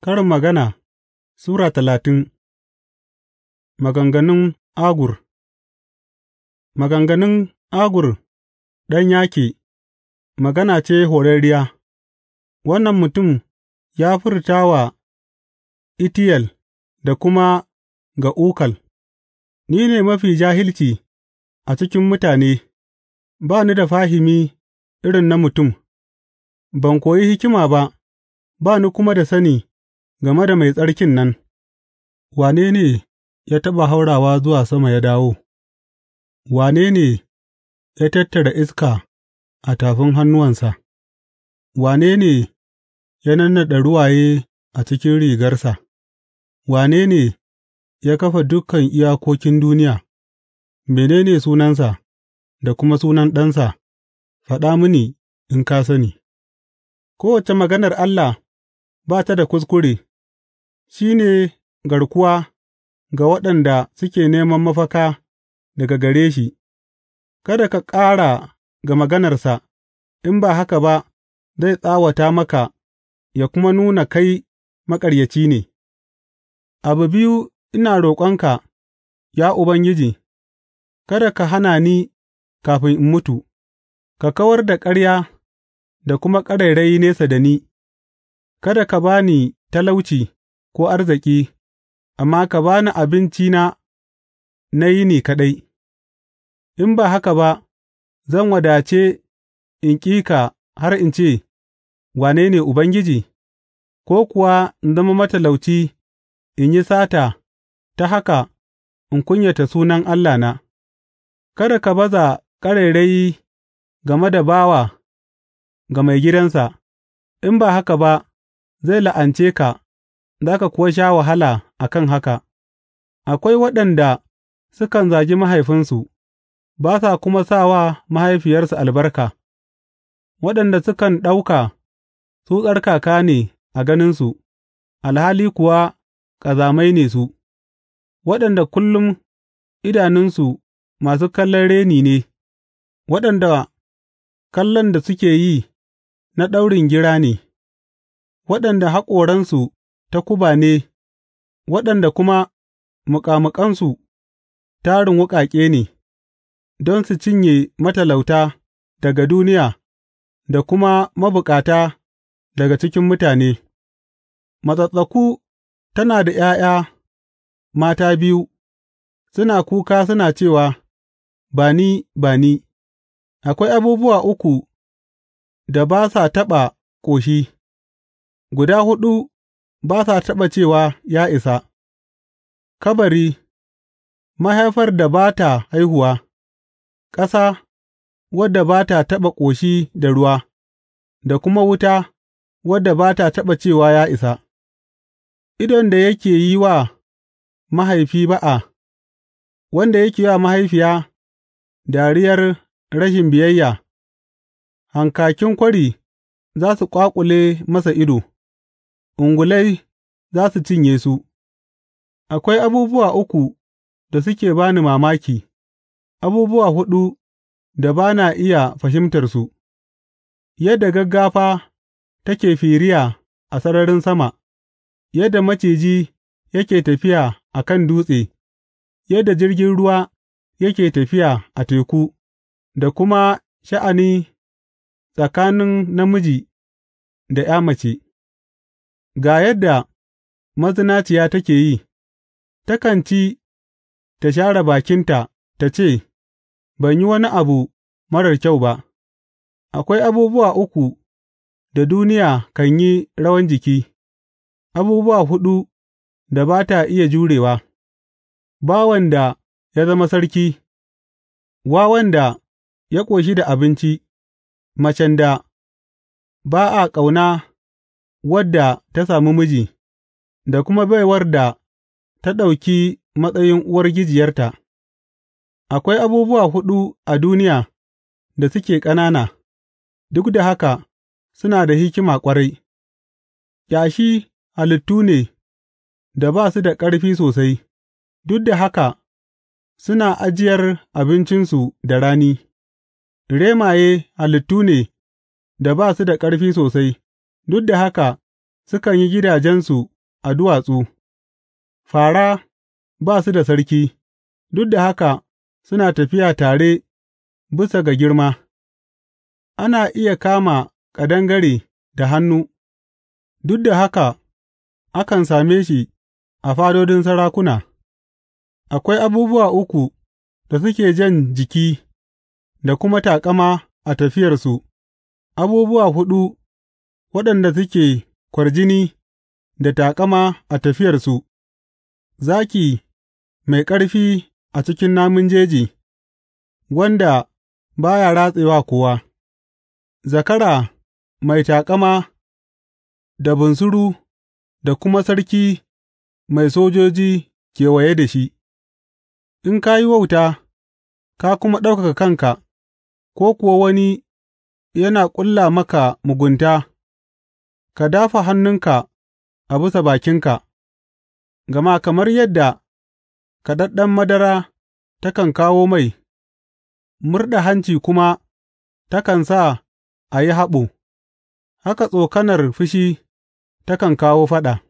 Karin Magana Sura talatin Maganganun Agur Maganganun Agur ɗan Yake magana ce horarriya, wannan mutum ya furta wa Itiyel da kuma ga Ukal, Ni ne mafi jahilci a cikin mutane, ba ni da fahimi irin na mutum, ban koyi hikima ba, ba ni kuma da sani. Game da Mai Tsarkin nan, wane ne ya taɓa haurawa zuwa sama ya dawo, wane ne ya tattara iska a tafin hannuwansa, wane ne ya nannaɗa ruwaye a cikin rigarsa, wane ne ya kafa dukan iyakokin duniya, mene ne sunansa da kuma sunan ɗansa, faɗa mini in ka sani, Kowace maganar Allah ba ta da kuskure. shi ne garkuwa ga waɗanda suke neman mafaka daga gare shi; kada ka ƙara ga maganarsa, in ba haka ba zai tsawata maka ya kuma nuna kai maƙaryaci ne Abu biyu ina roƙonka, ya Ubangiji, kada ka hana ni kafin in mutu; ka kawar da ƙarya da kuma ƙarairayi nesa da ni, kada ka ba ni talauci. ko arziki, amma ka ba ni abincina na yi yini kaɗai, in ba haka ba zan wadace in ƙi ka har in ce, Wane ne Ubangiji?’ ko kuwa in zama matalauci in yi sata ta haka in kunyata sunan Allahna, kada ka baza ƙarairayi game da bawa ga mai gidansa. in ba haka ba zai la'ance ka za ka kuwa sha wahala a kan haka, akwai waɗanda sukan zagi mahaifinsu, ba sa kuma sa wa mahaifiyarsu albarka, waɗanda sukan ɗauka su tsarkaka ne a ganinsu, alhali kuwa ƙazamai ne su, waɗanda kullum idanunsu masu kallon reni ne, waɗanda kallon da suke yi na ɗaurin gira ne, waɗanda haƙoransu takuba ne, waɗanda kuma muƙamuƙansu tarin wuƙaƙe ne, don su cinye matalauta daga duniya da kuma mabukata daga cikin mutane, matsattsaku tana da ’ya'ya mata biyu, suna kuka suna cewa, Ba ni, ba ni, akwai abubuwa uku da ba sa taɓa ƙoshi, guda huɗu ba sa taɓa cewa, Ya isa, kabari, mahaifar da ba ta haihuwa, ƙasa wadda ba ta taɓa ƙoshi da ruwa, da kuma wuta wadda ba ta taɓa cewa, Ya isa, idon da yake yi wa mahaifi ba'a, wanda yake wa mahaifiya dariyar rashin biyayya, hankakin kwari za su ƙwaƙule masa ido. ungulai za su cinye su Akwai abubuwa uku da suke ba ni mamaki, abubuwa huɗu da ba na iya fahimtarsu, yadda gaggafa take firiya a sararin sama, yadda maciji yake tafiya a kan dutse, yadda jirgin ruwa yake tafiya a teku, da kuma sha'ani tsakanin namiji da ’ya mace. Ga yadda mazinaciya take yi, takan ci ta share bakinta ta ce, Ban yi wani abu marar kyau ba; akwai abubuwa uku da duniya kan yi rawan jiki, abubuwa huɗu da ba ta iya jurewa, bawan da ya zama sarki, wawan da ya ƙoshi da abinci, macen da ba a ƙauna. wadda ta sami miji, da kuma baiwar da ta ɗauki matsayin uwargijiyarta, akwai abubuwa huɗu a duniya da suke ƙanana, duk da haka suna da hikima ƙwarai, ƙyashi halittu ne da ba su da ƙarfi sosai, duk da haka suna ajiyar abincinsu da rani, remaye halittu ne da ba su da ƙarfi sosai. Duk da haka sukan yi gidajensu a duwatsu; Fara ba su da sarki, duk da haka suna tafiya tare bisa ga girma; ana iya kama ƙadangare da hannu, duk da haka akan same shi a fadodin sarakuna; akwai abubuwa uku da suke jan jiki da kuma taƙama a tafiyarsu, abubuwa huɗu waɗanda suke kwarjini da taƙama a tafiyarsu, zaki mai ƙarfi a cikin namun jeji, wanda ba ya ratsewa kowa, zakara mai taƙama da bunsuru da kuma sarki mai sojoji kewaye da shi, in ka yi wauta ka kuma ɗaukaka kanka, ko kuwa wani yana ƙulla maka mugunta. ka dāfa hannunka a bisa bakinka, gama kamar yadda kaɗaɗɗen madara takan kawo mai, murɗa hanci kuma takan sa a yi haɓo, haka tsokanar fushi takan kawo faɗa.